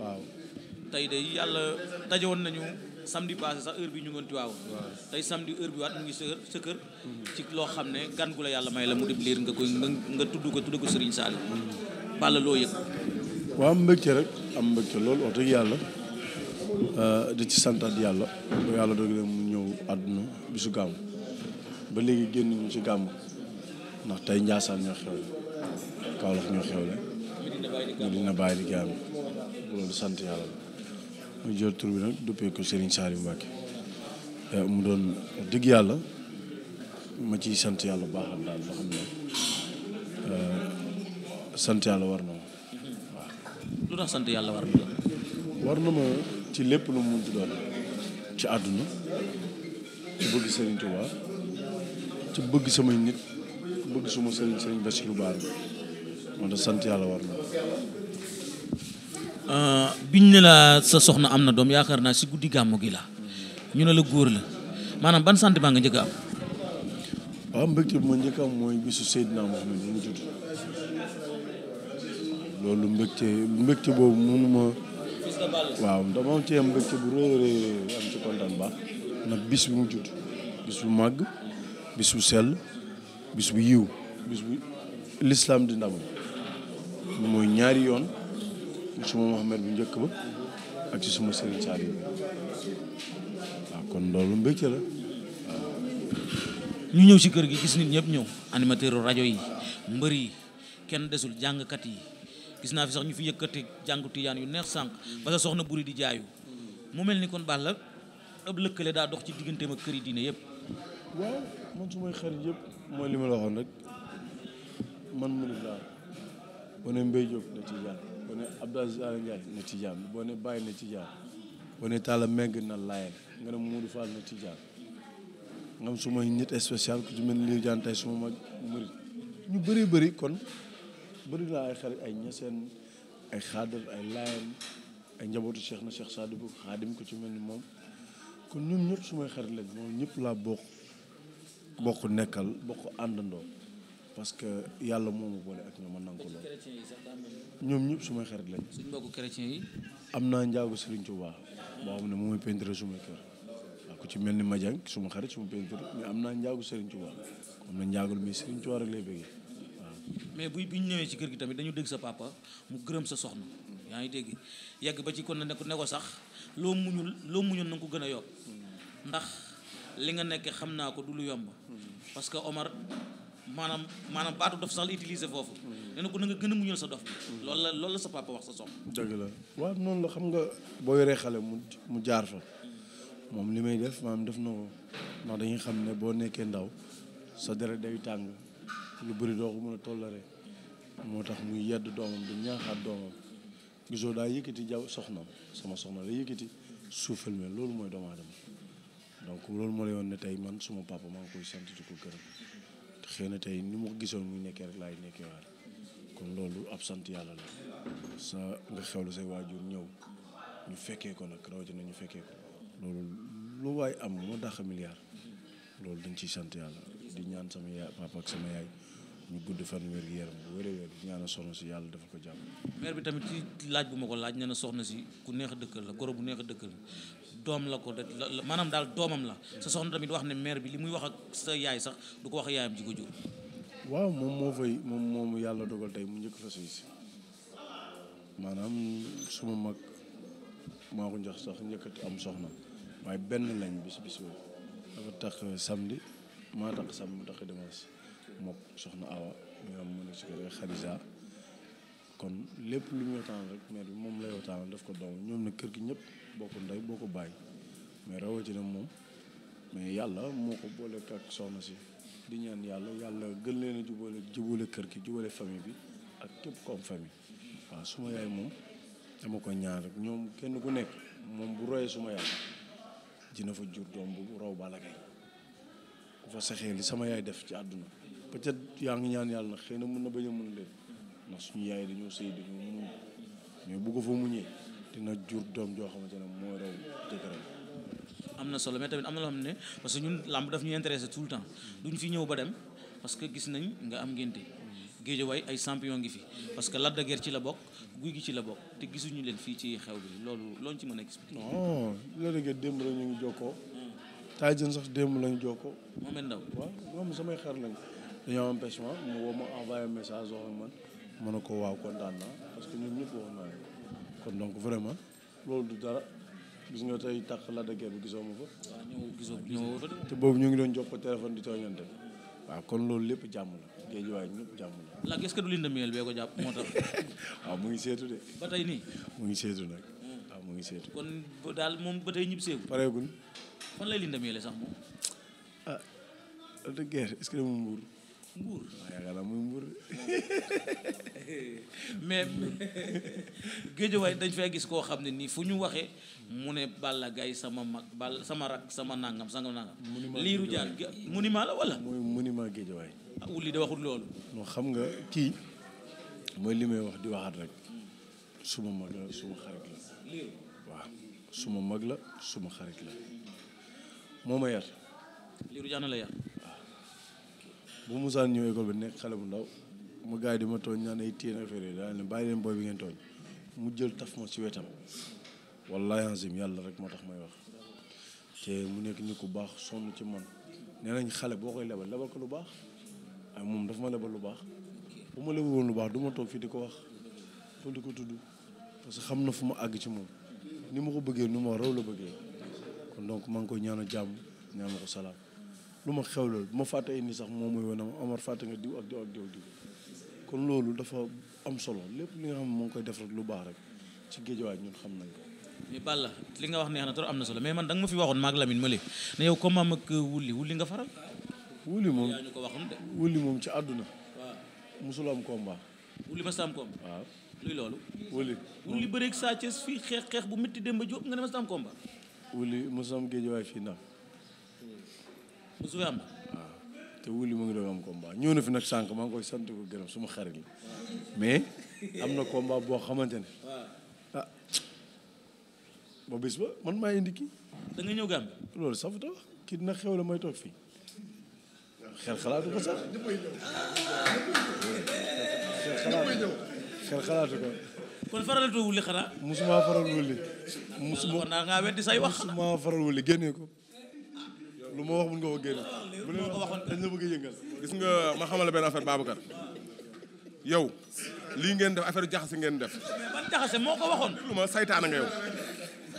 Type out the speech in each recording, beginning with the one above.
waaw tey de yàlla dajewoon nañu samedi passé sax heure bi ñu ngoon waaw tey samedi heure bi waat mu ngi sa sa kër ci loo xam ne gan gu la yàlla may la mu dem liir nga koy nga tudd ko tudd ko Serigne Saliou Balla loo yëg waaw am mbégte rek am mbégte loolu wax dëgg yàlla euh, di ci santaat yàlla ba yàlla dogal mu ñëw àdduna bisu gàmm ba léegi génn ñu ci gàmm ndax tey Njaasaan ñoo xewle Kaolack ñoo xewle Medina Baye di Gàmbi loolu sant yàlla la mu jël tur bi nag duppee ko Serigne Saliou Mbacké eh, mu doon digg yàlla ma ciy sant yàlla baaxal daal loo xam ne eh, sant yàlla war na ma lu tax sant yàlla war na ma ci lépp lu mu munti doon ci àdduna ci bëgg Serigne Touba ci bëgg samay nit bëgg suma Serigne Serigne Bassirou Bara moo tax sant yàlla war na. Ah, biñ sa soxna am na doom yaakaar naa si guddi gàmmu gi la ñu ne la góor la maanaam ban sant baa nga njëkk am. waaw mbégte njëkk am bisu Seydina Muhammad mu judd loolu mbégte mbégte bu mu judd bis bu màgg bis bu sell bis bu yiw bis bu lislaam di ndam mooy ñaari yoon suma Mouhamed bu njëkk ba ak ci suma Serigne Saliou waaw kon loolu mbégte la ñu ñëw ci kër gi gis nit ñëpp ñëw animateur rajo yi mbër yi kenn desul jàngkat yi gis naa fi sax ñu fi yëkkati jàngu tijaan yu neex sànq parce que soxna buri di jaayu mu mel ni kon baax la ab lëkkale daa dox ci digganteem ak kër yi diine yëpp waaw man su xarit yëpp mooy li la waxoon rek man mu laa boo ne Mbaye Diop na tijaan boo ne Abdou Aziz Ala Ndiaye na tijaan boo ne Baye na tijaan boo ne Talla Meng na Laayeen nga ne Moudou Fall na tijaan nga am su ma nit spécial ku mel ni Diagne tey su ma ñu bëri bëri kon bëri ay xarit ay ay xaadar ay Cheikh na Cheikh Sadibou xaadim ko ci mel ni moom kon ñoom ñëpp sumay xarit lañ moom ñëpp laa bokk bokk nekkal bokk àndandoo parce que yàlla moo ma boole ak ñoom ma nangu lool ñoom ñëpp sumay xarit lañ. suñ mbokku chrétien yi. am naa njaagu Serigne Touba boo xam ne moom mooy peintre sumay kër waaw ku ci mel ni su ma xarit suma peintre mais am naa njaagu Serigne Touba am na njaagul mais Serigne Touba rek lay bëggee mais bu bi ñu ñëwee ci kër gi tamit dañu dégg sa papa mu gërëm sa soxna. yaa ngi dégg yegg ba ci kon ne ko sax loo muñul loo muñul na ko gën a yokk ndax li nga nekke xam naa ko du lu yomb hmm. parce Omar maanaam maanaam baatu dof sax la utiliser foofu mm. nee ko na gën a muñal sa dof bi mm. loolu la loolu sa papa wax sa soxna dëgg la waaw noonu la xam nga boo yoree xale mu mu jaar fa mm. moom li may def maanaam def na ko dañuy xam ne boo nekkee ndaw sa deret day tàng lu bëri doo ko mën a tollare moo tax muy yedd doomam di ñaaxaat doomam gisoo daa yëkkati jaw soxnam sama soxna la yëkkati suufal me loolu mooy doomu aadama loolu moo la yoon ne tey man suma papa maa ngi koy sant di ko gërëm xëy na tey ni ma ko gisoon muy nekkee rek laay nekkee waat kon loolu ab sant yàlla la sa nga xewlu say waajur ñëw ñu fekkee ko nag rawatina ñu fekkee ko loolu lu waay am moo dàq milliard loolu dañ ciy sant yàlla di ñaan sama yaay papa sama yaay ñu gudd fan wér gi yaram bu wéree wér ñaana soxna si yàlla dafa ko jàmm maire bi tamit ci laaj bu ma ko laaj nee na soxna si ku neex a dëkkal la goro bu neex a dëkkal doom la ko de maanaam daal doomam la sa soxna tamit wax ne maire bi li muy wax ak sa yaay sax du ko wax yaayam ji ko jur waaw moom moo fay moom moomu yàlla dogal tey mu njëkk fa sëy si maanaam suma mag maa ko njax sax njëkkati am soxna waaye benn lañ bis bis boobu dafa tax samedi maa tax samedi mu tax dimanche moo soxna Awa ñoom mu nekk lépp lu ñu waxtaan rek maire moom lay waxtaan daf ko doom ñoom nag kër gi ñëpp boo ko ndey boo ko bàyyi mais rawatina moom mais yàlla moo ko boole ak si di ñaan yàlla yàlla gën leen a jubale jubale kër gi jubale famille bi ak képp ko am famille waaw suma yaay moom ko ñaan rek ñoom kenn ku nekk moom bu royee suma yaay dina fa jur doom bu raw Balla Gaye ku fa saxee li sama yaay def ci àdduna peut-être yaa ngi ñaan yàlla nag xëy na mën na bañ a mën leen ndax suñu yaay dañoo sëy dañoo muñ mais bu ko fa muñee dina jur doom joo xamante ne moo raw jëkkëram am na solo mais tamit am na loo xam ne parce que ñun làmb daf ñu intéressé tout le temps duñ fi ñëw ba dem parce que gis nañ nga am ngénte géejawaay ay champion ngi fi parce que Lac de Guiers ci la bokk guy gi ci la bokk te gisuñu leen fii ci xew bi loolu looñ ci mën a expliquer non Lac de Guiers démb la ñu ngi jokkoo taay jën sax démb lañu jokkoo moom it ndaw waaw moom samay xar lañ dañoo am empêchement ma envoyé message wax man ma ne ko waaw kontaan naa parce que ñun ñëpp wax naa kon donc vraiment loolu du dara gis nga tey tàq la dëgg bi gisoo ma fa. waaw ah, ñëw te boobu ñu ngi doon jox ko téléphone di tooñante waaw kon loolu lépp jàmm la géej waaye ñëpp jàmm la. la est-ce que du linde bee ko jàpp moo tax. waaw ah, mu ngi seetu de. ba tey nii. mu ngi seetu nag. waaw hmm. ah, mu ngi seetu. kon daal moom ba tey ñib seegu. pareegul. fan lay linde miel sax dëgg est-ce que mbuur mbuur yaakaar naa muy mbuur mais géejawaay dañ fay gis koo xam ne nii fu ñu waxee mu ne Balla Gaye sama mag Balla sama rak sama nangam sama nangam. liiru jaan monument la wala. mooy monument géejawaay. ah lii de waxul loolu. non xam nga kii mooy li may wax di waxaat rek suma mag la suma xarit la. liiru waaw mag la suma xarit la moo ma yar. boo Moussa ñëw école bi nekk xale bu ndaw mu gars yi di ma tooñ naan ay téen affaire yi daal ne bàyyi leen booy bi ngeen tooñ mu jël taf ma ci wetam wallahi azim yàlla rek moo tax may wax mu nekk nit ku baax sonn ci man nee nañ xale boo koy lebal lebal ko lu baax ay moom dafa ma lebal lu baax bu ma lebal woon lu baax du toog fii di ko wax loolu di ko tudd parce que xam na fu ma àgg ci moom ni ma ko bëggee nu ma raw la bëggee kon donc maa ngi koy ñaanal jàmm ñaan ma ko salaam lu ma xew la ma fàtte ay ni sax moom mooy woon Amar fàtte nga diw ak diw ak diw diw kon loolu dafa am solo lépp li nga xam ne moo koy def rek lu baax rek ci géejawaay ñun xam nañ ko. mais Balla li nga wax neex na trop am na solo mais man da nga ma fi waxoon maag Lamine ma lee ne yow comme am ak wulli wulli nga faral. wulli moom yaa ñu ko waxoon de. wulli moom ci àdduna. waaw musul am combat. wulli ma sa am combat. waaw luy loolu. wulli wulli bëreeg Sa Thiès fii bu métti Demba Diop nga ne ma sa am combat. wulli musul am géejawaay fii ndax. bu suufee am waaw ah, te wuli mu ngi doon am combat ñëw na fi nag sànq maa ngi koy sant ko gërëm suma xarit la mais am na komba boo xamante ne ah ba bis ba man maa indi kii da nga ñëw Gambie loolu safuta kii dina xew la may toog fii xel xalaatu ko sax xel xalaatu ko kon faralatoo wuli xanaa musuma faral wuli musuma naa ngaa weddi say wax musuma faral wuli génnee ko lu ma wax mun nga ko génn a gis nga ma xamal la benn affaire Babacar yow lii ngeen def affaire jaxase ngeen def ban jaxase moo ko waxoon saytaana nga yow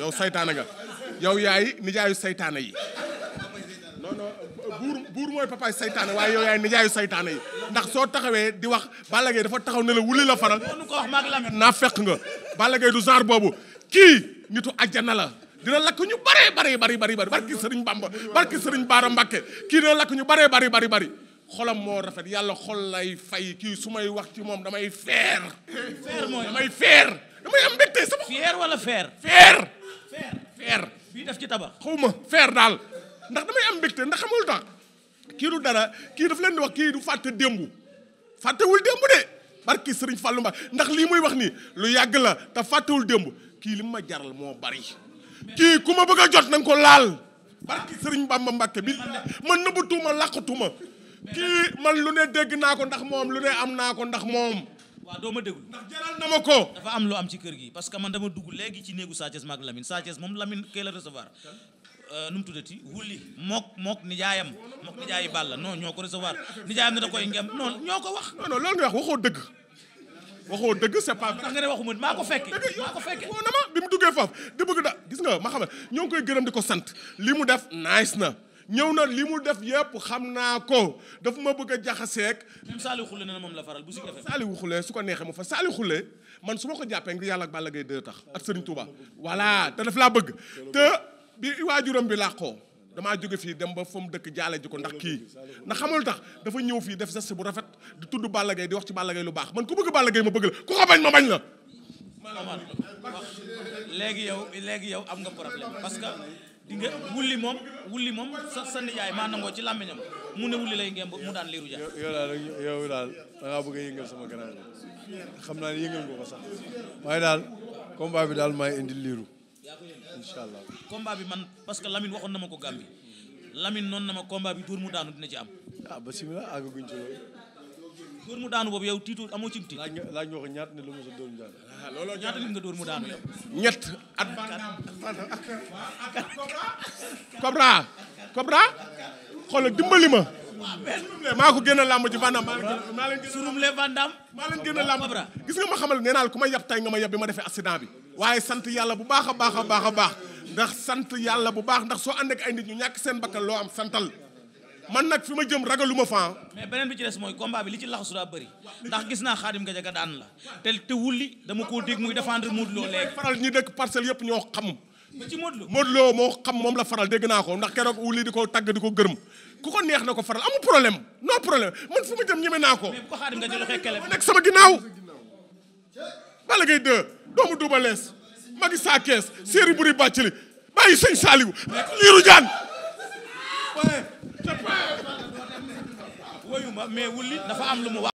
yow saytaana nga yow yaay nijaayu saytaana yi non mooy papaay saytaane waaye yow yaay ndax soo taxawee di wax Balla Gaye dafa taxaw ne la wuli la faral naa fekk nga Balla Gaye du genre boobu kii nitu àjjana la dina lakk ñu baree bari bari bari bari barki sëriñ Bamba barki sëriñ Baara Mbàkke kii dina lakk ñu baree bari bari bari xolam moo rafet yàlla xol lay fay kii su may wax ci moom damay feer damay am mbégte sama wala feer def ci tabax xawma feer daal ndax damay am mbégte ndax xamul tax kii du dara kii daf leen di wax kii du fàtte fàttewul de barki sëriñ Fallou Mbacké ndax lii muy wax nii lu yàgg la te fàttewul démb kii li ma jaral moo bari kii ku ma bëgg a jot na ko laal barki sëriñ Bamba Mbàkke bi man nëbbatuma làqatuma kii man lu ne dégg naa ko ndax moom lu ne am naa ko ndax moom waaw doo ma déglu ndax jaral na ma ko dafa am lu am ci kër gi parce que man dama dugg léegi ci néegu Sathiès maag Lamine Sathiès moom Lamine kee la recevoir euh, nu mu tuddati wulli mook mook nijaayam mook nijaayi Balla non ñoo ko recevoir nijaayam ne da koy ngem non ñoo ko wax non non loolu nga wax waxoo dëgg waxoo dëgg c'est pas. tax nga maa ko fekkee maa ko fekkee woo na ma bi mu duggee foofu di bëgg da gis nga ma xam ñoo ngi koy gërëm di ko sant li mu def nice na ñëw na lii mu def yëpp xam naa ko dafa ma bëgg a jaxaseeg. même Saliou Khoulé nee na moom la faral bu si defee. Saliou su ko neexee mu fa Saliou Khoulé man su ma ko jàppee ngir yàlla ak Balla Gaye dëgg tax ak Serigne Touba voilà te def laa bëgg te bi waajuram bi làqoo damaa jóge fii dem ba fa mu dëkk jaale ji ko ndax kii ndax xamul tax dafa ñëw fii def geste bu rafet di tudd Balla Gaye di wax ci Balla Gaye lu baax man ku bëgg Balla Gaye ma bëgg la ku ko bañ ma yow léegi yow am nga problème parce que di nga wulli moom wulli moom sa sa nijaay ci làmmiñam mu ne wulli lay mu daan liiru ja yow daal bëgg a yëngal sama xam naa ne yëngal nga daal combat bi daal may indi liiru incha allah bi man parce que Lamine waxoon na ma ko Gambie Lamine noonu na ma combat bi dóor mu daanu dina ci am ah ba simila àggaguñ ci loolu dóor mu daanu yow tiitu amoo ci tiit. laaj nga laaj nga ko ñaata ne lu mu sa dóor mu daanu. Ah, looloo ñaata lim nga dóor mu daanu yow. ñett at. Cobra Cobra dimbali ma. maa ko génne làmb ci Vandam maa la surumle Vandam maa leen génne làmb gis nga ma xamal nee naa la ku ma yab tey nga ma yab bi ma defee accident bi waaye sant yàlla bu baax a baax a baax a baax ndax sant yàlla bu baax ndax soo ànd ak ay nit ñu ñàkk seen bakkan loo am santal man nag fi ma jëm ragaluma faa. mais beneen bi ci des mooy combat li ci laxasu daa bëri ndax gis naa Xaadim Gadiaga daan la te te wulli dama koo dégg muy défendre Modou Lo léegi. faral ñi dëkk parcelle yëpp ñoo xam. ba ci Modou Lo Modou Lo moo xam moom la faral dégg naa ko ndax keroog wulli di ko tàgg di ko gërëm ku ko neex na ko faral amul problème non problème man fi ma jëm ñeme naa ko. mais bu ko Xaadim nga jël xekkale nekk sama ginnaaw. Balla Gaye 2 doomu Double Less magi saa kees séeri buri bàccali bàyyi sëñ Saliou liiru jaan mais wulli dafa am lu mu wax